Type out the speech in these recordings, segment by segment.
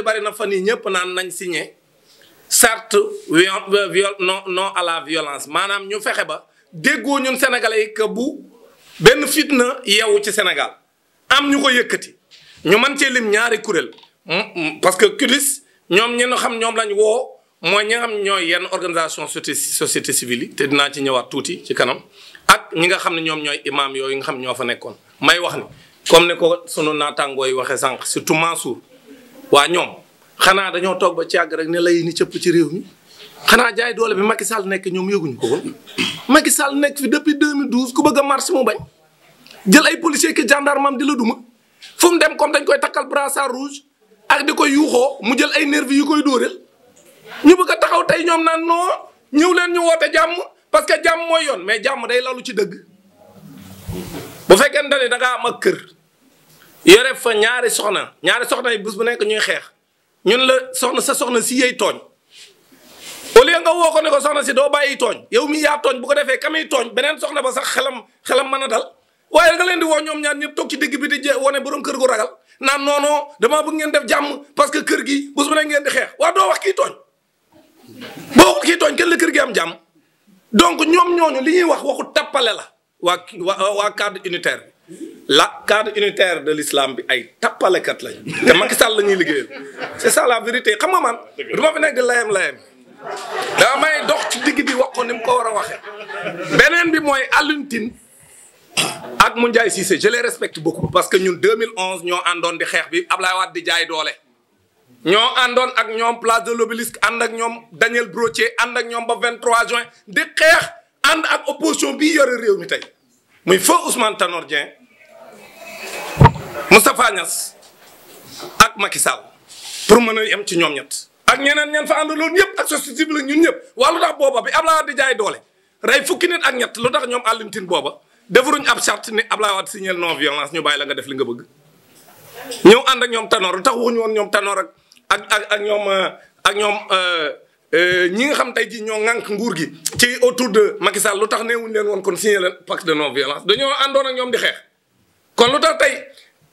bari na fan yi ñëpp naan nañ signé sart euh, viol non violence maanaam ñu fexe ba déggoo ñun sénégalais yi que bu benn fitna yeewu ci senegal am ñu ko yëkkati ñu mën cee lim ñaari kuréel parce que ñoom ñi xam ñoom lañ woo mooy ñi nga xam ñooy yenn organisation société société civile yi te dinaa ci ñëwaat tuuti ci kanam ak ñi nga xam ne ñoom ñooy imaam yooyu nga xam ñoo fa nekkoon may wax ni comme ne ko sunu naataangoo yi waxee sànq surtout Mansour waa ñoom xanaa dañoo toog ba ci àgg rek ne lay ni cëpp ci réew mi xanaa jaay doole bi Macky Sall nekk ñoom yëguñu ko woon Macky sal nekk fi depuis 2012 ku bëgg a marche mu bañ jël ay policier ki gendarme am di la duma fu mu dem comme dañ koy takkal brassard rouge ak di ko yuuxoo mu jël ay nervi yu koy dóoreel ñu bëgg a taxaw tey ñoom naan non ñëw leen ñu woote jàmm parce que jàmm mooy yoon mais jàmm day lalu ci dëgg bu fekkente ne da ngaa am ak kër yore fa ñaari soxna ñaari soxna yi bés bu nekk ñuy xeex ñun la soxna sa soxna si yey tooñ au lieu nga woo ko ne ko soxna si doo bàyyi tooñ yow mi yaa tooñ bu ko defee kamay tooñ beneen soxna ba sax xelam xelam mën a dal waaye nga leen di woo ñoom ñaar ñu toog ci dëgg bi di je wane borom kër gu ragal naan non non damaa bëgg ngeen def jàmm parce que kër gi bés bu ne ngeen di xeex waa doo wax kii tooñ boo kii tooñ kenn la kër gi am jàmm donc ñoom ñooñu li ñuy wax waxu tappale la waa waa waa cadre unitaire la cadre unitaire de l'islam bi ay tappalekat lañu te Macky Sall la ñuy liggéeyal c'est ça la vérité xam man du ma fi nekk di layam layam daa dox ci digg bi wax ko ko war a waxee beneen bi mooy Alioune Tine ak Moundiaye Cissé je les respecte beaucoup parce que ñun 2011 ñoo àndoon di xeex bi Ablaye Wade di jaay doole. ñoo àndoon ak ñoom place de l'Obélisque ànd ak ñoom Daniel Brottier ànd ak ñoom ba 23 juin di xeex ànd ak opposition bi yore réew mi tey muy feu Ousmane Tanor Dieng Moustapha Niass ak Macky Sall pour mën a yem ci ñoom ñett. ak ñeneen ñan fa àndaloon ñëpp ak société civile ñun ñëpp waaw lu tax booba bi Ablaye Wade di jaay doole rey fukki nit ak ñett lu tax ñoom àllintin booba. defaruñ ab charte ni Ablaye Wade signal non violence ñu bàyyi la nga def li nga bëgg ñëw ànd a ñoom tanoor lu tax waxuñu woon ñoom Tanor ak ak ak ak ñoom euh, ak ñoom euh, euh, ñi nga xam tey jii ñoo ŋànk nguur gi ci autour de Macky lu tax neewuñu leen woon kon signé leen pacte de non violence dañoo àndoon ak ñoom di xeex kon lu tax tey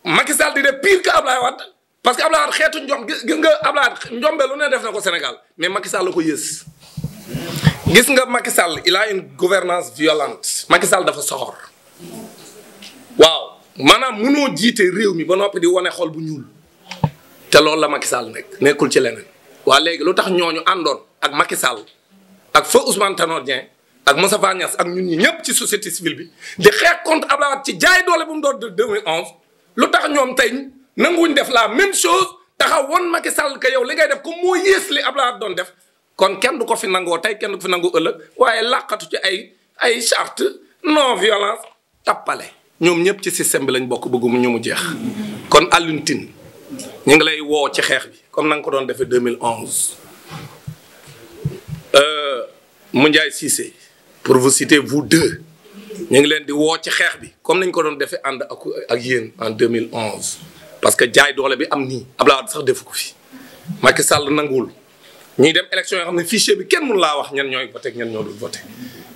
Macky Sall di def pire que Ablaye Wade parce que Ablaye Wade xeetu njom gis nga Ablaye Wade njombe lu ne def na ko Sénégal mais Macky la ko yées gis nga Macky Sall il a une gouvernance violente Macky Sall dafa soxor waaw maanaam mënoo jiite réew mi ba noppi di wane xol bu ñuul te loolu la Macky Sall nekk nekkul ci leneen. waa léegi lu tax ñooñu àndoon ak Macky Sall ak feu Ousmane Tanor Dieng ak Moustapha Niasse ak ñun ñi ñëpp ci société civile bi di xeex contre Abdoulaye Wade ci jaay doole bu mu doon de 2011 lu tax ñoom tey nanguwuñ def la même chose taxaw woon Macky Sall yow li ngay def ko moo yées li Abdoulaye doon def. kon kenn du ko fi nangoo tey kenn du ko fi waaye làqatu ci ay ay charte non violence tappale ñoom ñëpp ci système bi lañ bokk bëggum ñu mu jeex kon Alioune ñu ngi lay woo ci xeex bi comme na nga ko doon defee 2011 euh, Moundiaye Cissé pour vous citer vous deux ngi leen di woo ci xeex bi comme nañ ko doon defee ànd ak ak yéen en 2011 parce que jaay doole bi am nii Abdoulaye Wade sax defu ko fi Macky sàll nanguwul ñuy dem élection yoo xam ne fichier bi kenn mun laa wax ñan ñooy voté ñan ñoo dul voté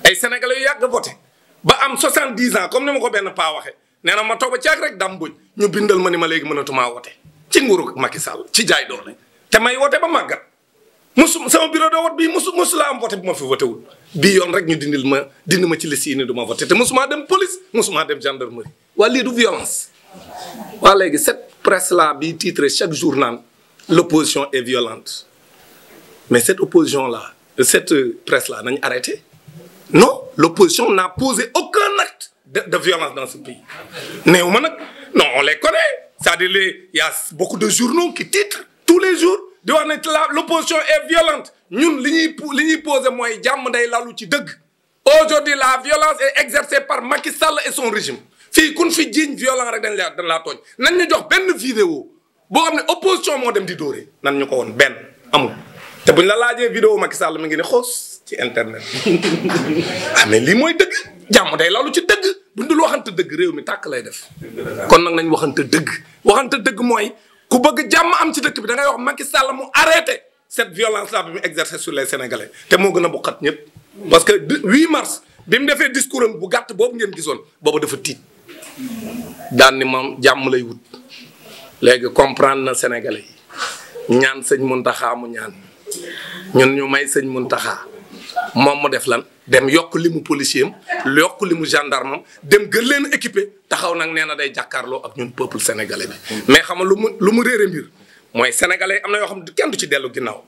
ay sénégalais yu yàgg voté ba am 70 ans comme ni ma ko benn paa waxee nee na ma toog ba caag rek dam buñ ñu bindal ma ni ma léegi mënatumaa wote ci nguuru Macky Sall ci jaay doole te may wote ba màggat musu sama bureau de vote bii musu musu laa am voté bu ma fi voté wul bii yoon rek ñu dindil ma dindi ma ci liste yi ni du ma voté te musumaa dem police musumaa dem gendarmerie waa lii du violence waa léegi cette presse là bi titre chaque jour naan l'opposition est violente Mais cette opposition la cette presse-là, n'a arrêté. Non, l'opposition n'a posé aucun acte de, de, violence dans ce pays. Néanmoins, non, on les connaît. C'est-à-dire, il y a beaucoup de journaux qui titrent tous les jours de l'opposition est violente. Nous, Aujourd'hui, la violence est exercée par Macky Sall et son régime. fii kun fi jiiñ violent rek dañ la dañ laa tooñ nañ ñu jox benn vidéo boo xam ne opposition moo dem di dóore nan ñu ko woon benn amul te bu buñ la laajee vidéo Macky Sall mu ngi ne xoos ci internet ah mais lii mooy dëgg jàmm day lalu ci dëgg buñ dul waxante dëgg réew mi tàkk lay def. kon nag nañ waxante dëgg. waxante dëgg mooy ku bëgg jàmm am ci dëkk bi da ngay wax Macky Sall mu arrêté cette violence là bi mu exercer sur les sénégalais te moo gën a buqat ñëpp. parce que 8 mars bi mu defee discours am bu gàtt boobu ngeen gisoon boobu dafa tiit daan ni moom jàmm lay wut léegi comprendre na ñaan sëñ Mountakha mu ñaan. ñun ñu may sëñ taxaa moom mu def lan dem yokk li mu policier am yokk li mu gendarme dem gën leen équipé taxaw nag nee na day jàkkaarloo ak ñun peuple sénégalais bi. mais xam nga lu mu lu mu réere mbir mooy sénégalais am na yoo xam ne kenn du ci dellu ginnaaw.